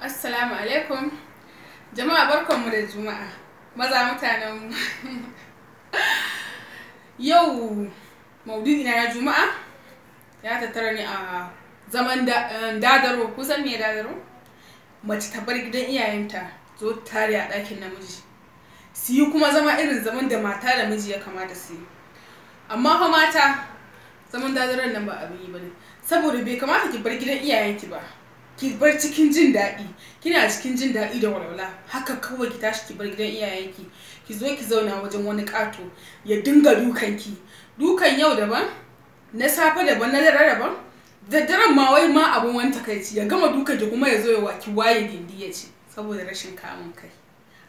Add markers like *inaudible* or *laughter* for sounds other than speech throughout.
Assalamu alaikum. Jama'a mu da Juma'a. Maza mutanen *laughs* Yau maududi na Juma'a ya tattara ne a zaman eh, dadaro kusan me dadaro? Mace ta bar gidan iyayenta zo tare a ɗakin namiji. Su yi kuma zama irin zaman da mata da miji ya kamata su yi. Amma fa mata zaman dadaron nan ba abu yi bane. Saboda bai kamata ki bar gidan iyayenki ba. ki bar cikin jin daɗi kina cikin jin daɗi da walwala haka kawai ki tashi ki bar gidan iyayenki ki zo ki zauna wajen wani ƙato ya dinga dukan ki dukan yau daban na safe daban na dare daban da dare ma wai ma abun wani takaici ya gama dukan ki kuma ya zo ya waki waye gindi ya ce saboda rashin kamun kai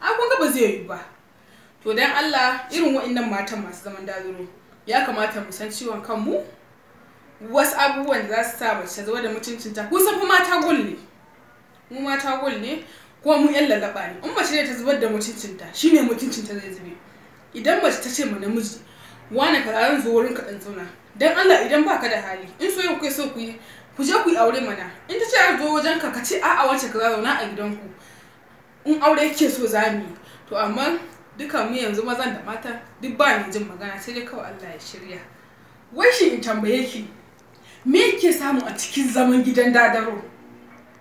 a kun ga ba zai yi ba to dan Allah irin waɗannan matan masu zaman dazuro ya kamata mu san ciwon kanmu wasu abubuwan da za su sa mace ta da mutuncinta kun san mata gul ne mu mata gul ne ko mu yan lalaba ne in mace ne ta zubar da mutuncinta ne mutuncinta zai zube idan mace ta ce ma namiji wani ka ran zo wurin ka dan zauna dan Allah idan baka da hali in so yau kai so ku yi ku je ku yi aure mana in ta ce a zo wajen ka ka ce a'a wace ka zauna a gidan ku? in aure ke so za mu yi to amma duka mu yanzu mazan da mata duk ba ni jin magana sai dai kawai Allah ya shirya wai shi in tambaye ki me yake samu a cikin zaman gidan dadaro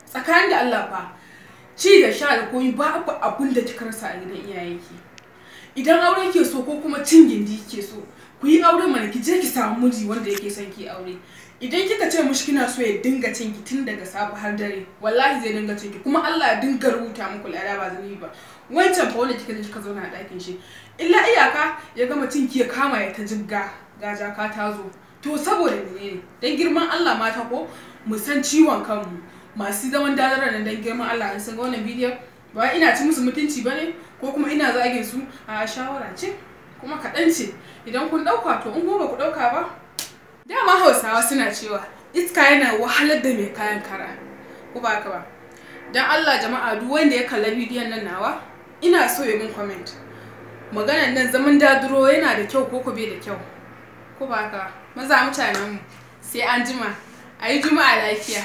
tsakanin da Allah fa ci da sha da koyi ba ku abun da kika rasa a gidan iyayenki idan aure ke so ko kuma cin gindi ke so ku yi aure mana ki je ki samu miji wanda yake son ki aure idan kika ce mushi kina so ya dinga cin ki tun daga safe har dare wallahi zai dinga cin ki kuma Allah ya dinga rubuta muku lada ba yi ba wancan fa wanda kika je kika zauna a ɗakin shi illa iyaka ya gama cin ki ya kama ya ta jigga gaja ka ta zo to saboda ne, dan girman Allah mata ko mu san ciwon kanmu masu zaman dadara nan dan girman Allah an san ga wannan bidiyon ba ina ci musu mutunci bane ko kuma ina zagin su a shawara ce kuma kaɗan ce idan kun ɗauka to in ba ku ɗauka ba dama hausawa suna cewa iska yana wahalar da mai kayan kara ko ba ka ba dan Allah jama'a duk wanda ya kalla bidiyon nan nawa ina so ya min comment maganan nan zaman daduro yana da kyau ko ko bai da kyau ko ba haka maza mutanenmu sai an jima a yi juma'a lafiya